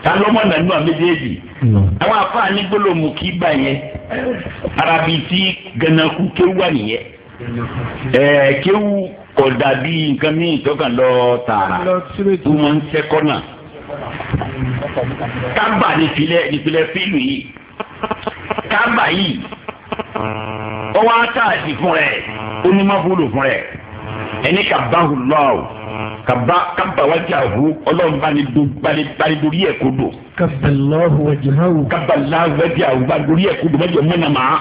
ta lọ́mọ nàánú àméjèèjì mm. àwọn afáà ní gbólóhùn kí bá yẹn arabi tí gànàkú kéwú wà nìyẹn ẹ̀ẹ́ kéwú kò dàbí nǹkan míì tó kàn lọ tààrà tó máa ń sẹ́kọ́ náà kábà nípìnlẹ̀ fílù yìí kábàáyì ọwọ́ àtàtì fún rẹ̀ onímọ̀ fúlù fún rẹ̀ ẹni kàbáhù lọ́wọ́ kàbá kàbáwájà hu ọlọ́run bá ní do bá ní dorí ẹ̀ kó do. kàbàláhù wàjàhù. kàbàláhù wàjàhù bá dorí ẹ̀ kó do bá jẹ mọ́nà máa.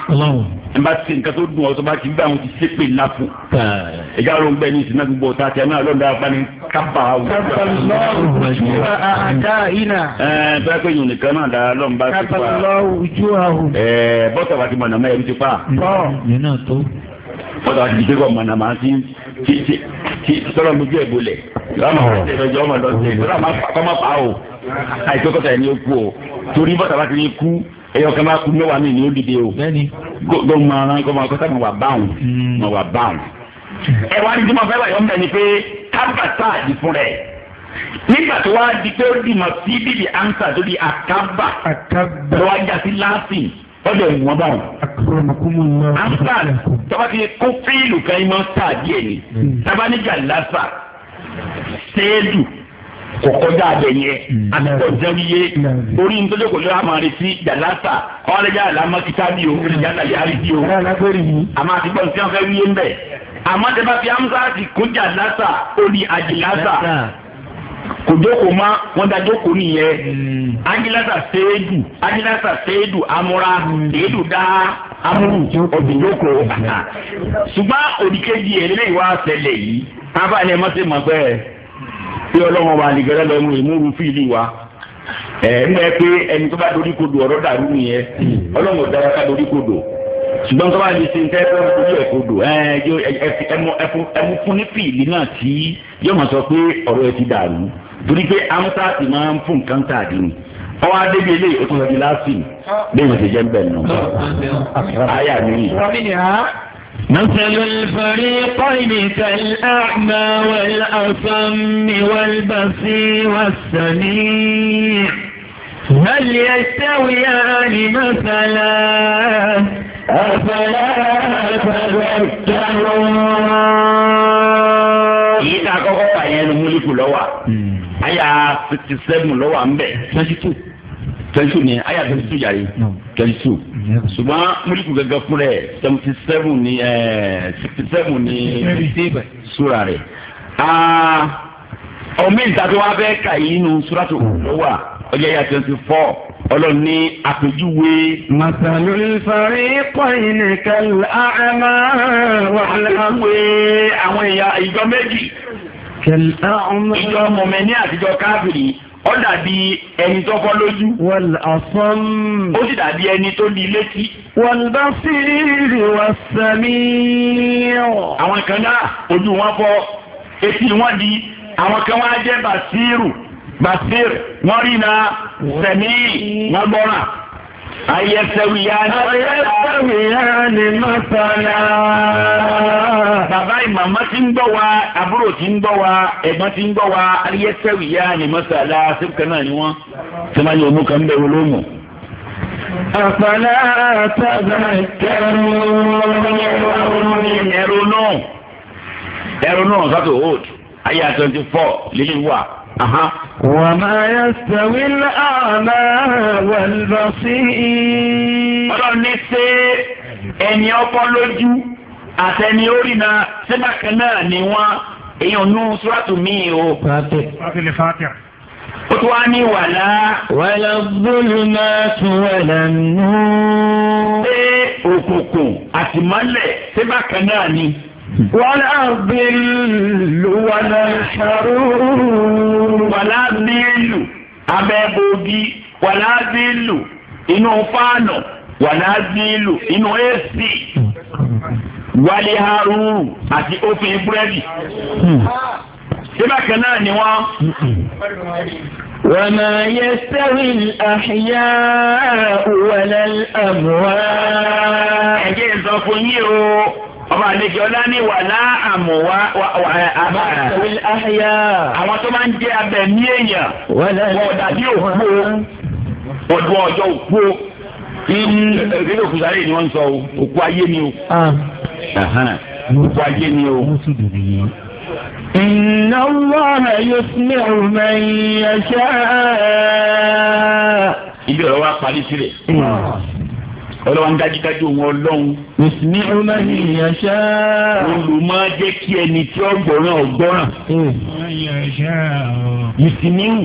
ẹ bá se nǹkan tó dùn ọ̀sọ́ bá ti bá àwọn ti sépè ńlá fún. ìjà ló ń bẹ ní ìsìn náà gbogbo ọ̀tá àti àná lọ́dọ̀ abáni kàbáhù. kàbàláhù ju àdá iná. ẹ ẹ bẹ́ẹ̀ pé yòó nìkan náà dáa lọ́n bá ti pa. kàbàláhù ju àhù. ẹ bọ́tà bá ti mọ̀ wọ́n tàbí ti gbégbọ́ mọ̀nà máa ti ti tọ́lọ̀ lójú ẹ̀ bolẹ̀ lọ́mọ ìrọ̀jọ́ ọmọ lọ́sẹ̀ lọ́mọ kọ́mọ pa o àìpé kọ́tà ẹ̀ ní o kú o torí bọ́tà bá ti ní kú ẹ̀yọ́ kan bá kú mẹ́wàá mi ní ó dìde o gbọ́dọ̀ mọ ara kọ́ máa kọ́tà mọ̀ wà báwọn mọ̀ hmm. wà báwọn. ẹ wá ní tí mo fẹ́ wà yọ mẹ́ ni pé kábàtà àdì fún rẹ̀ nígbà tó wá di pé ó dì mọ̀ sí bíbí ansa tó di àkábà lọ́wọ́ ajá sí ọdẹ mú wọn báwọn. afghan tọ́ba ti kó fíìlù kan iná sáà díẹ̀ ni hmm. tabanija lásà séèdù kọ̀kọ́dá abẹ yẹn hmm. àtọ̀jẹ́ yé hmm. orí nítorí kò lóra máa retí jàlásà ọ̀rẹ́jà àlámọ́kítà bí o ìjà nàìjíríà bí o àmọ́ àti gbọ́n tí wọ́n fẹ́ wíyé ń bẹ̀ àmọ́ tẹ́ bá fi amúsáàtì kún jàlásà ó ní àjìlásà kò jókòó má wọn da jókòó nìyẹn angilasa seedu angilasa seedu amúra hmm. seedu dá amúrù òbí jókòó ṣùgbọ́n òdìkejì ẹ̀lẹ́yìn wá ṣẹlẹ̀ yìí tábà ni ẹ má ṣe mọ̀ pé bí ọlọ́run wa nìgbẹ́rẹ́ lọ mú ìmúru fíìlì wa ẹ̀ ń bẹ́ẹ̀ pé ẹni tó bá dorí kodò ọ̀rọ̀ dàrú nìyẹn hmm. ọlọ́run ò dára ká dorí kodò ṣùgbọ́n tó bá di ṣe nǹkan ẹ̀fọ́ ojú ẹ̀fọ́ odò ẹ̀mú fún ní fìlì náà tí yóò máa sọ pé ọ̀rọ̀ ẹ ti dàrú torí pé amúta ti máa ń fún nǹkan tàdí ni ọwọ́ adébí eléyìí ó tún bẹ́ẹ̀ mo ti jẹ́ bẹ́ẹ̀ nù. àyà mi rí. مثل الفريقين كالأعمى والأصم والبصير والسميع هل يستويان مثلا أفلا تذكرون kọ́kọ́ yẹn ní múlíkù lọ́wọ́ seven lọ́wọ́ bẹ̀ twenty two twenty two ni twenty two yàrá twenty two ṣùgbọ́n múlíkù ni ọlọ́run ní àpèjúwe. masalul fariqayni kal a'ma wal amwe àwọn ìyá ìjọ méjì. kal a'ma ìjọ mọ̀mẹ́ ní àtijọ́ káfíìrì ó dàbí ẹni tó fọ́ lójú. wọ́n àfọ́n. ó sì dàbí ẹni tó di létí. wọ́n bá sí ìrì wá sẹ́mi. àwọn kan náà ojú wọn fọ́ etí wọn di àwọn kan wọn á jẹ́ bàṣírù. basir wọ́n rí na sẹ̀mí wọ́n gbọ́ràn. Ayẹsẹ̀wìyáni. Ayẹsẹ̀wìyáni mọ́sálà. Bàbá ìmàmá ti ń gbọ́ wa, àbúrò ti ń gbọ́ wa, ẹ̀gbọ́n ti ń gbọ́ wa, ayẹsẹ̀wìyáni mọ́sálà. Sẹ́kùkẹ́ náà ni wọ́n. Sẹ́mi ayé òmù kan bẹ̀rù lómù. Àpàlà àtàgbà kẹrù. Ẹ̀rù náà. Ẹ̀rù náà sọ́tò hold. Ayé àtọ̀ntì wà. وما يستوي الأعمى والبصير ọlọ́run ní ṣe ẹni ọkọ lójú àtẹni orí na sẹ́bàkan náà ni wọ́n èèyàn nú sùràtù míì o. ó tún wá ní wàlá. wàlá zulumatu wàlá nù. ṣé òkùnkùn àtìmọ́lẹ̀ sẹ́bàkan náà ni. ولا ظل ولا حرور ولا ظل abẹ́ bògì wàlá zílù inú fáànù wàlá zílù inú èsì wàlẹ̀ àti òfin búrẹ́dì. síbàkan náà ni wọ́n. وما يستوي الأحياء ولا الأموات. ẹ̀jẹ̀ sọ fún yín o. ọba àlejò ọlá ní wàlá àmùwá àbára. àwọn tó máa ń jẹ abẹ ní èèyàn wọ́n dàbí òpó ọdún ọjọ́ òpó ìdílé òkú sáré ni wọ́n sọ òkú ayé ni o òkú ayé ni o. إن الله يسمع من يشاء. Ibi ọ̀rọ̀ wa ọlọ́wọ́n dájúdájú wọn ọlọ́run. ìsìnì ọmọ ènìyàn ṣá. olùmọ jẹ́ kí ẹni tí ó gbọ́ràn ọ̀gbọ́ràn. ìsìnì hmm. wù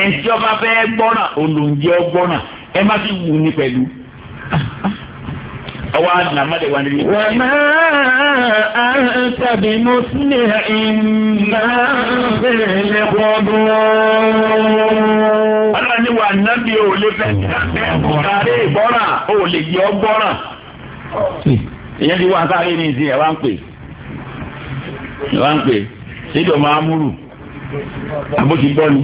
ẹni tí ọba fẹ́ gbọ́ràn olùjẹ́ ọgbọ́ràn ẹ má fi wù ní pẹ̀lú. ọwọ́ àdìnàmọ́dé wà nílé. wà á tàbí mọ́sílẹ̀ ìmọ̀ àbẹ̀rẹ̀ lẹ́kọ̀ọ́dún ànábì o lè fẹ́ kárí ìgbọ́ràn ò lè yẹ ọ́ gbọ́ràn. ìyẹn ti wá sáré ní ìsìn ẹ̀ wá ń pè ẹ̀ wá ń pè sídò máa múlù àbótí gbọ́ ni.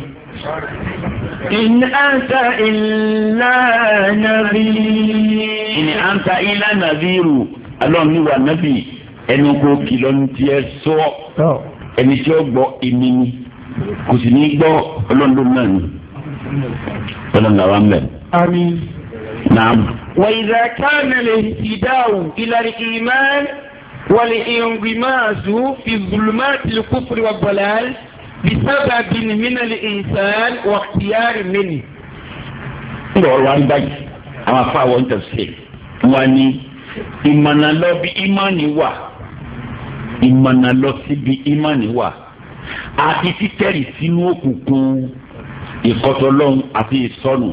إن أنت إلا نذير إن أنت إلا نذير ọlọ́run ní wa nábì ẹni kó kìlọ̀ ní tiẹ̀ sọ ẹni tí ó gbọ́ ìmí ni kò sì ní gbọ́ ọlọ́run náà ni ọlọ́run làwọn bẹ̀. àmín. naam. وإذا كان الاهتداء إلى الإيمان والانغماس في ظلمات الكفر والضلال بسبب من الإنسان واختيار منه. ọ̀rọ̀ wa ń báyìí àwọn afáwọ̀ ń tẹ̀sí wa ni ìmọ̀nà lọ bí ìmánì wà ìmọ̀nà lọ síbi ìmánì wà àti títẹ̀rì sínú òkùnkùn ìkọtọlọ́hún àti ìsọnù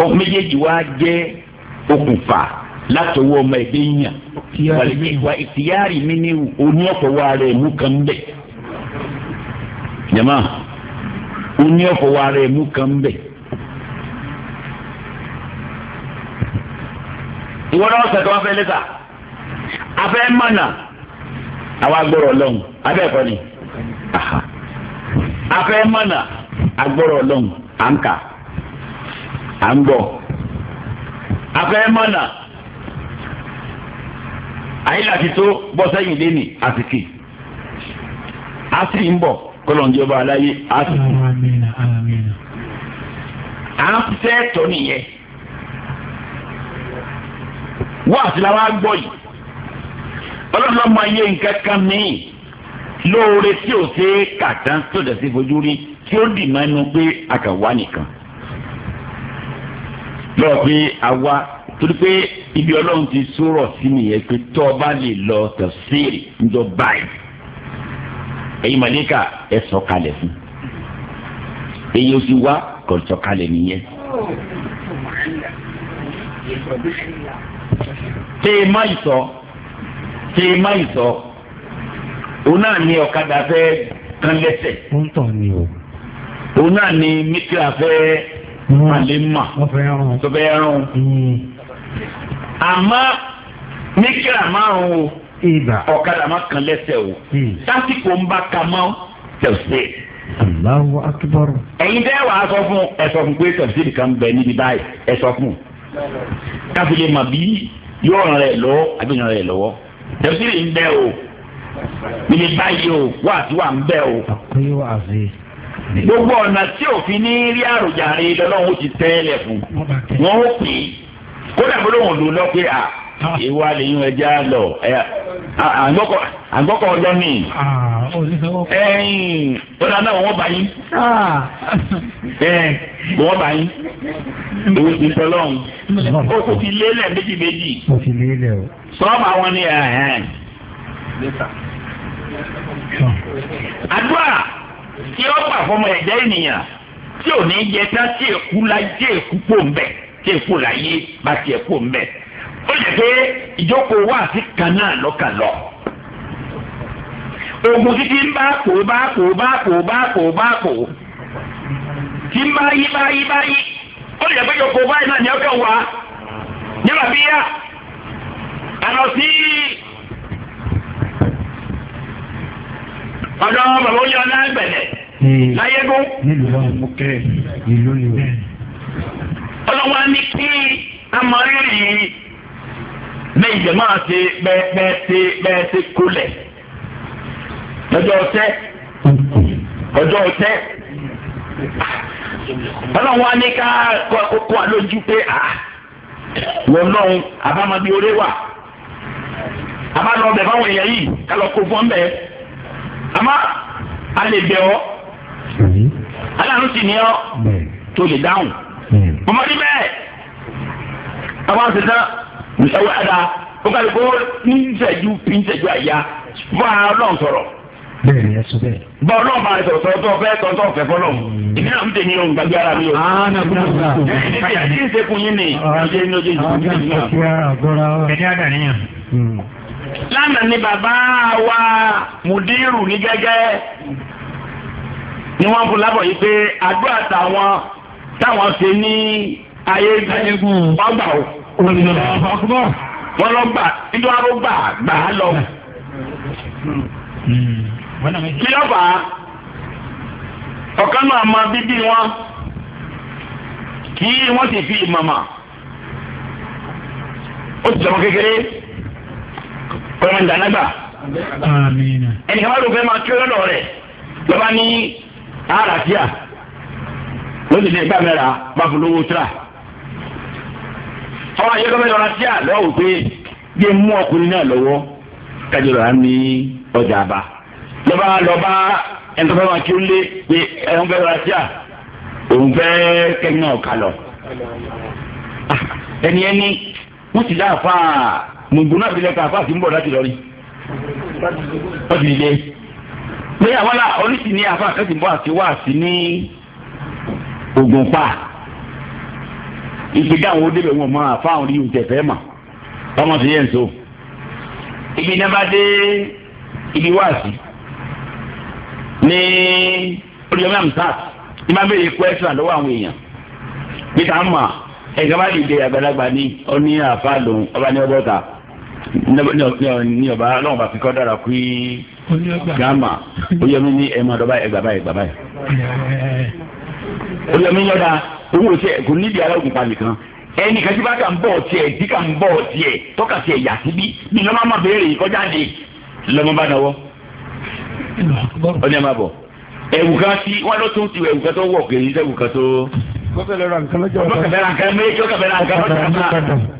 ọkùn méjèèjì wá jẹ́ okùnfà láti owó ọmọ ẹgbẹ́ yàn wà ìtìyàrí mi ní oní ọ̀pọ̀ wa rẹ̀ mú kan bẹ̀ jama oní ọ̀pọ̀ wa rẹ̀ mú kan bẹ̀. ìwọ náà sọ̀tọ̀ wọn fẹ́ lẹ́tà afẹ́ mọ̀nà àwa gbọ́rọ̀ lọ́hùn abẹ́ afẹ́ mọ̀nà agbọ́rọ̀ ọlọ́run à ń kà à ń bọ̀ afẹ́ mọ̀nà àyè láti tó bọ́ sẹ́yìn lẹ́nì àsìkè a sì ń bọ̀ kọlọ̀njọba aláyé a sì ń bọ̀ à ń fẹ́ tọ́ nìyẹn wọ́n àti làwọn agbọ́ yìí ọlọ́run máa yé nǹkan kan mí lóore tí ò ṣe é kà tán tó dẹ̀ sí fojú rí tí ó dì mẹ́nu pé a kàn wá nìkan lọ́wọ́ pé a wá torí pé ibi ọlọ́run ti sọ̀rọ̀ sí nìyẹn pé tọ́ ọ bá lè lọ tẹ̀síìrì ńjọ báyìí ẹ̀yin màlẹ́kà ẹ sọ kalẹ̀ fún èyí ó sì wá kò sọ kalẹ̀ nìyẹn. tẹ́ má ì sọ tẹ́ má ì sọ òun náà ní ọ̀kadà fẹ́ kán lẹ́sẹ̀. ó ń tàn ní o òun náà ni mítírà fẹ́ mm. màlẹ́mà tó fẹ́ rún mm. àmọ́ mítírà márùn o ọ̀kadà má kan lẹ́sẹ̀ o sásìkò mm. ń bá ka mọ́ tẹ̀síẹ̀. Allahu akbar. ẹ̀yin tẹ́ wàá sọ fún ẹ sọ fún pé tẹ̀síẹ̀ kan bẹ níbi báyìí ẹ fún káfílẹ̀ mà bí yóò ràn rẹ̀ lọ́wọ́ àbí ràn rẹ̀ lọ́wọ́ tẹ̀síẹ̀ ń bẹ o níbi báyìí o wàá tí wàá ń bẹ o. àkúyọ̀ àfẹ́. gbogbo ọ̀nà tí òfin ní rí lọ́lọ́run ti tẹ́lẹ̀ fún wọn ó pè é kódà bó lóun lò lọ pé à ìwà lèyìn ẹja lọ àgbọ́kọ̀ ọjọ́ mi ẹ̀yìn ọ̀dà náà wọ́n bá yín wọ́n bá yín ti tọ́ ó kò fi méjì méjì sọ́ọ̀mù tí ó gbà fọmọ ẹ̀dá ènìyàn tí ò ní jẹ tán tí èkú la jẹ èkú pò ń bẹ̀ tí èkú la yé bá tiẹ̀ pò ń bẹ̀ ó lè pé ìjókòó wà sí kan náà títí ń bá ń bá yí bá ọ̀dọ́ bàbá ó yọ láìpẹ̀lẹ̀ láyégún. ọlọ́wọ́ á ní kí amọ̀rírì ní ìjọba àti bẹ́ẹ̀tì bẹ́ẹ̀tì kulẹ̀ lọ́jọ́ ọ̀tẹ́ ọjọ́ ọ̀tẹ́ ọlọ́wọ́ á ní ká kókó àlójú pé à wọ́n lọ́hùn àbámadé oré wà àbálọ́ ọbẹ̀ báwọn èèyàn yìí kálọ̀ kó fún ọ́n bẹ́ẹ̀ ama a lè bẹ̀ ọ́ aláàánú sì ní ọ́ tó lè dáhùn ọmọdé bẹ́ẹ̀ àwọn àṣetán ìṣẹ̀wé o ó kàlí kó ní ìṣẹ́jú ní ìṣẹ́jú àyà fún àwọn ọlọ́run sọ̀rọ̀ bẹ́ẹ̀ni ẹ sọ bẹ́ẹ̀. bọ Ọlọ́run máa sọ sọtọ fẹ tọtọ fẹ fọlọ ìdí náà ń tẹ gbàgbé ara mi o. àánà gbọ́dọ̀ ẹni tí a ti ń sekun yín ni. ọ̀rọ̀ ajé ní ojú ìjọba. ọ̀rọ̀ ajé ní ojú ìjọba. ẹni àgbọ̀ra. ẹni àgbà níyàn lánàá ni bàbá wa mùdírù ní gẹ́gẹ́ ni wọ́n fún lábọ̀ yìí pé àdúrà táwọn táwọn ṣe ní ayégun ọgbà o. wọ́n lọ gbà nínú aró gbà gbà á lọ. kí ló fà á ọ̀kan náà máa bíbí wọn kí wọ́n sì fi ìmọ̀mọ̀ ó sì jọmọ kékeré kọ́mọ ń dànágbà. ẹnìkan bá ló fẹ́ máa tó lọ́dọ̀ rẹ̀ lọ́ba ní àràfíà lóde ní ẹgbẹ́ mẹ́ra bá fún lówó tíra. àwọn àyẹ̀kọ́ mẹ́rin ọ̀rá síà lọ́wọ́ pé bí ẹ mú ọkùnrin náà lọ́wọ́ kájọ rà ní ọjà àbá. lọ́ba lọ́ba ẹni tó fẹ́ máa kí ó lé pé ẹ̀rọ ń fẹ́ ọ̀rá síà òun fẹ́ kẹ́mi náà kà lọ. Ah, ẹni ẹni wọ́n ti dáa fáà mùgbùn náà bilẹ̀ ká àfáàsì ń bọ̀ láti lọ rí wọ́n ti lè pé àwọn là oríṣi ní àfáàsì ń bọ̀ àti wáàsí ní ogun pa ìgbéga àwọn òdebẹ̀ wọn mọ àfáàwọn rí oúnjẹ fẹ́ mà ọmọ tó yẹ so ibi náà bá dé ibi wáàsí ní oríyọmọ amsat ní máa bèrè kwẹ́sìlá lọ́wọ́ àwọn èèyàn bí táwọn mọ̀ ẹ̀ka bá dìde àgbàlagbà ní ọ ní àfáà lòun ọba ní ọdọ́ta. ní ọba náà bá fi kọ́ dára kú gàmà oyèmí ní ẹ dọ́bà ẹgbà báyìí ẹgbà báyìí. oyèmí yọ̀dà owó tí ẹ kò nídìí aláwọ̀ pupa nìkan ẹni tí kà ń bọ̀ tiẹ̀ tí kà ń bọ̀ tiẹ̀ tọ́ka tiẹ̀ yà síbí ní kọjá de lọ́mọ bá ẹ bọ̀ ẹ̀wù kan sí wọn ló tún ti ẹ̀wù kan tó wọ̀ kan tó. kọ́kẹ́ lọ́ra